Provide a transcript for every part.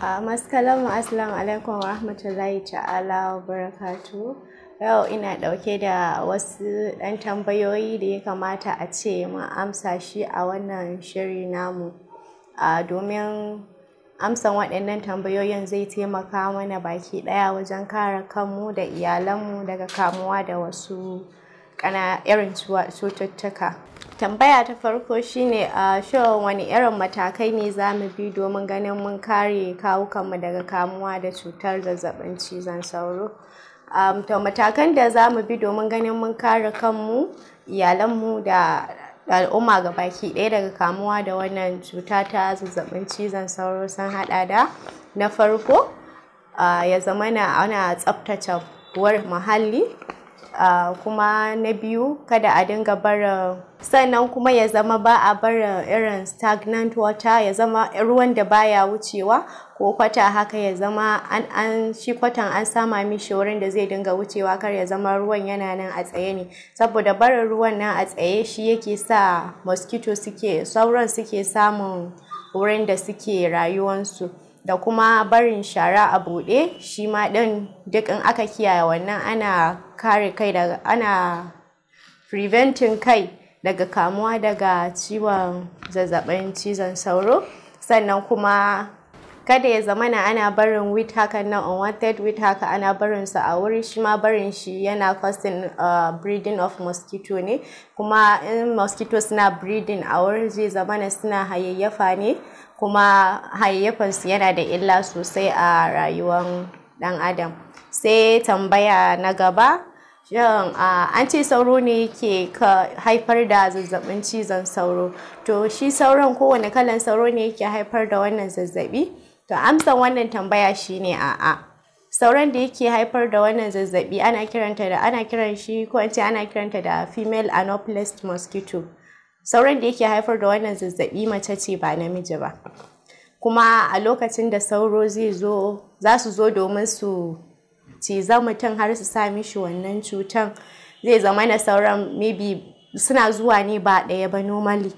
Uh, Maskalamu Assalamu alaikum wa rahmatullahi ta'ala wa barakatu. Yau ina ɗauke da wasu ɗan tambayoyi da ya kamata a ce mun amsa shi a wannan shiri namu. Uh, domin amsan waɗannan tambayoyin zai taimaka mana baki ɗaya wajen kare kanmu da iyalanmu daga kamuwa da wasu irin cututtuka. tambaya ta farko shine a shin wani irin matakai ne za mu bi domin ganin mun kare kawukanmu daga kamuwa da cutar zazzabin cizon sauro um, matakan da za mu bi domin ganin mun kare kanmu iyalanmu da al'umma ga baki ɗaya daga kamuwa da wannan cuta ta zazzabin cizon sauro sun haɗa da na farko ya ya zamana ana tsaftace muhalli kuma na biyu kada a dinga barin sannan kuma ya zama ba a barin irin stagnant water ya zama ruwan da baya wucewa ko kwata haka ya zama an an shi kwatan an sama mishi wurin da zai dinga wucewa kar ya zama ruwan yana nan a tsaye ne saboda barin ruwan nan a tsaye shi yake sa mosquito suke sauran suke samun wurin da suke rayuwansu da kuma barin shara a buɗe shi ma ɗin duk in aka kiyaye wannan ana kare kai daga ana preventing kai daga kamuwa daga ciwon zazzabin cizon sauro sannan kuma kada ya zamana ana barin wit hakan nan unwanted wit haka ana barin sa a wuri shi ma barin shi yana causing uh, breeding of mosquito ne kuma in mosquito suna breeding a wurin zai zamana suna hayayyafa ne kuma hayayyafan su yana da illa sosai a rayuwar dan adam sai tambaya na gaba shin uh, an ce sauro ne ke haifar da zazzabin cizon sauro to shi sauron kowane kalan sauro ne ke haifar da wannan zazzabi to amsan wannan tambaya shine a'a Sauran da yake haifar da wannan zazzabi ana kiranta da ana kiran shi ko an ce ana kiranta da female anopheles mosquito Sauran da yake haifar da wannan zazzabi mace ce ba namiji ba kuma a lokacin da sauro zai zo za su zo domin su ciza mutum har su sa mishi wannan cutan zai zama na sauran maybe suna zuwa ne ba ɗaya ba normally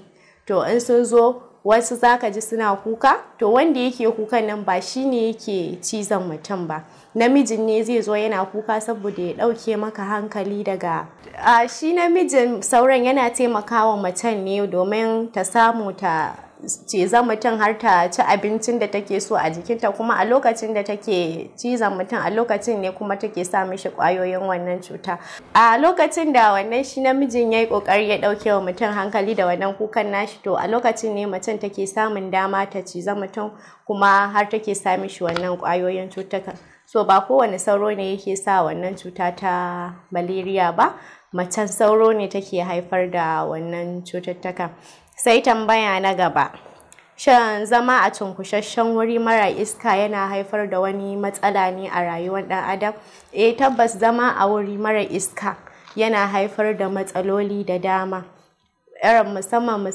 to in sun zo wasu zaka ji suna kuka to wanda yake kukan nan ba shi ne yake cizon mutum ba namijin ne zai zo yana kuka saboda ya ɗauke maka hankali daga a shi namijin sauran yana taimakawa mutum ne domin ta samu ta cizan mutum har ta ci abincin da take so a jikinta kuma a lokacin da take cizan mutum a lokacin ne kuma take sa mishi kwayoyin wannan cuta a lokacin da wannan shi namijin ya yi kokari ya dauke wa mutum hankali da wannan kukan nashi to a lokacin ne mutum take samun dama ta ciza mutum kuma har take sa mishi wannan kwayoyin cutaka so ba kowane sauro ne yake sa wannan cuta ta malaria ba macen sauro ne take haifar da wannan cututtuka? sai tambaya na gaba shan zama a cunkushashen wuri mara iska yana haifar da wani matsala ne a rayuwar ɗan adam eh tabbas zama a wuri mara iska yana haifar da matsaloli da dama irin musamman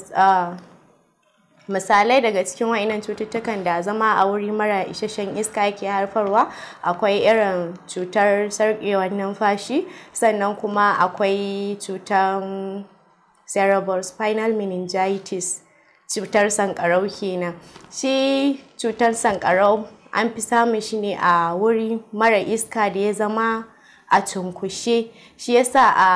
misalai daga cikin wa'inan cututtukan da zama a wuri mara isasshen iska ke haifarwa akwai irin cutar sarƙewar numfashi sannan kuma akwai cutar cerebral spinal meningitis cutar sankarau kenan shi cutar sankarau an fi samun shi ne a wuri mara iska da ya zama a cunkushe shi yasa a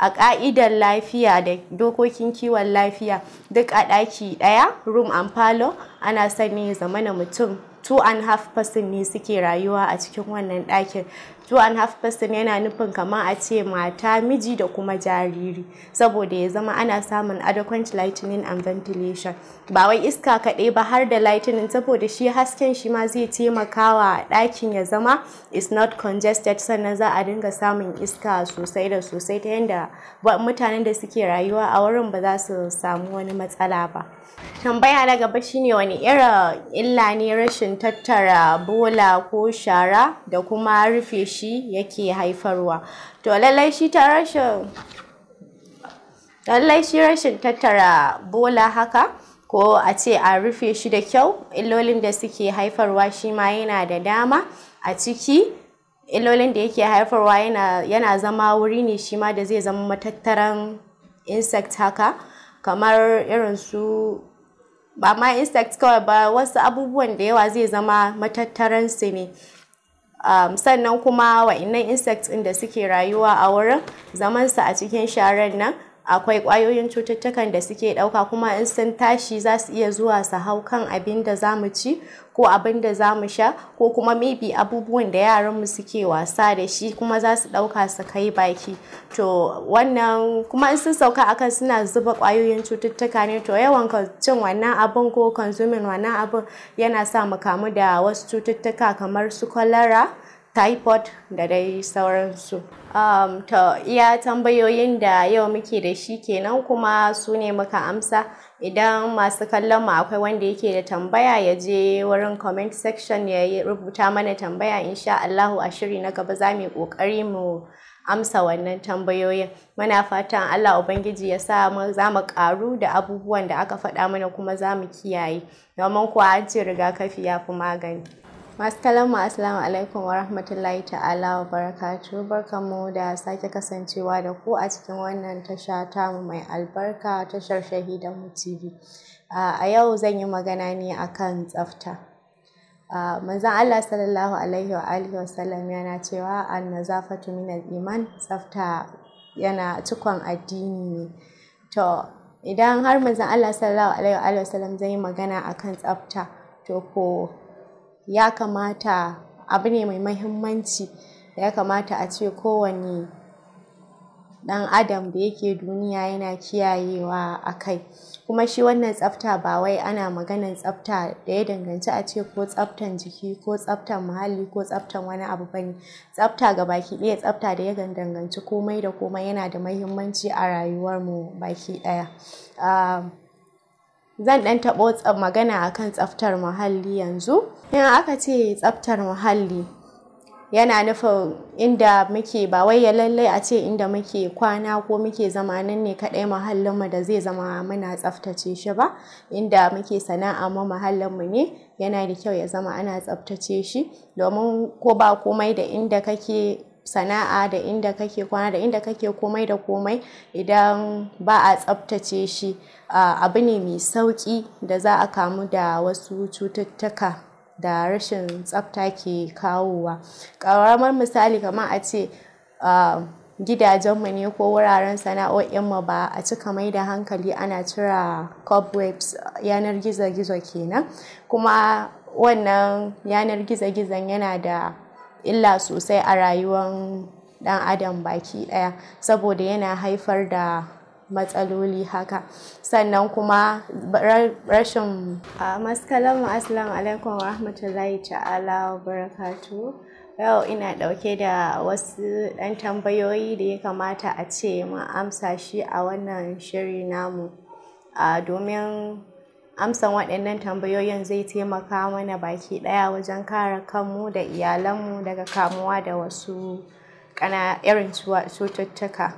a ka'idar lafiya da dokokin kiwon lafiya duk a ɗaki ɗaya room and falo ana sani na mutum two and half person ne suke rayuwa a cikin wannan ɗakin two and half person yana nufin kamar a ce mata miji da kuma jariri saboda ya zama ana samun adequate lightning and ventilation ba wai iska kaɗai ba har da lightning saboda shi hasken shi ma zai taimakawa ɗakin ya zama is not congested sannan za a dinga samun iska sosai da sosai ta yadda mutanen da suke rayuwa a wurin ba za su samu wani matsala ba tambaya na gaba shine wani irin illa ne rashin tattara bola ko shara da kuma rufe shi yake haifarwa to lallai shi ta rashin tattara bola haka ko a ce a rufe shi da kyau illolin da suke haifarwa shi ma yana da dama a ciki illolin da yake haifarwa yana, zama wuri ne shi ma da zai zama matattaran insect haka kamar irin su ba ma insect kawai ba wasu abubuwan da yawa zai zama matattaransu ne um, sannan kuma wa'innan insects ɗin da suke rayuwa a wurin zaman su a cikin sharar nan akwai ƙwayoyin cututtukan da suke ɗauka kuma in sun tashi za su iya zuwa su hau kan abin da za mu ci ko abin da za mu sha ko kuma maybe abubuwan da yaran mu suke wasa da shi kuma za su ɗauka su kai baki to wannan kuma in sun sauka akan suna zuba ƙwayoyin cututtuka ne to yawan cin wannan abin ko consuming wannan abin yana sa mu kamu da wasu cututtuka kamar su kwalara typhoid da dai sauransu. Um, ta iya tambayoyin da yau muke da shi kenan kuma su ne muka amsa idan masu kallon mu akwai wanda yake da tambaya ya je wurin comment section ya rubuta mana tambaya insha Allahu a shiri na gaba za mu kokari mu amsa wannan tambayoyin muna fatan Allah ubangiji ya sa za mu karu da abubuwan da aka faɗa mana kuma za mu kiyaye domin kuwa an ce rigakafi ya fi magani Maskalamu Assalamu alaikum wa rahmatullahi ta'ala wa barakatu barkanmu da sake kasancewa da ku a cikin wannan tasha tamu mai albarka tashar shahidan mu TV. A yau zan yi magana ne akan tsafta. manzan Allah sallallahu alaihi wa alihi wasallam yana cewa annazafatu minal iman tsafta yana cikon addini ne. To idan har manzan Allah sallallahu alaihi wa alihi wasallam zai yi magana akan tsafta to ko ya kamata abu ne mai mahimmanci ya kamata a ce kowane dan adam da yake duniya yana kiyayewa a kai kuma shi wannan tsafta ba wai ana maganan tsafta da ya danganci a ce ko tsaftan jiki ko tsaftan muhalli ko tsaftan wani abu bane tsafta ga baki ɗaya tsafta da ya danganci komai da komai yana da mahimmanci a rayuwar mu baki ɗaya ah, zan ɗan taɓo magana akan tsaftar muhalli yanzu in aka ce tsaftar muhalli yana nufin inda muke ba wai ya lallai a ce inda muke kwana ko muke zama nan ne kaɗai mu da zai zama muna tsaftace shi ba inda muke sana'a mu muhallinmu ne yana da kyau ya zama ana tsaftace shi domin ko ba komai da inda kake sana'a da inda kake kwana da inda kake komai da komai idan ba a tsabtace shi abu ne mai sauƙi da za a kamu da wasu cututtuka da rashin tsabta ke kawowa ƙaramar misali kamar a ce gidajenmu ne ko wuraren sana'o'inmu ba a cika mai da hankali ana cira cobwebs yanar gizo-gizo kenan kuma wannan yanar gizo-gizon yana da illa sosai a rayuwar dan adam baki daya saboda yana haifar da matsaloli haka sannan kuma rashin A maskalar aslam alaikum wa rahmatullahi ta'ala wa barakatu yau ina dauke da wasu dan tambayoyi da ya kamata a ce mun amsa shi a wannan shiri namu domin Amsan waɗannan tambayoyin zai taimaka mana baki ɗaya wajen kare kanmu da iyalanmu daga kamuwa da wasu irin cututtuka.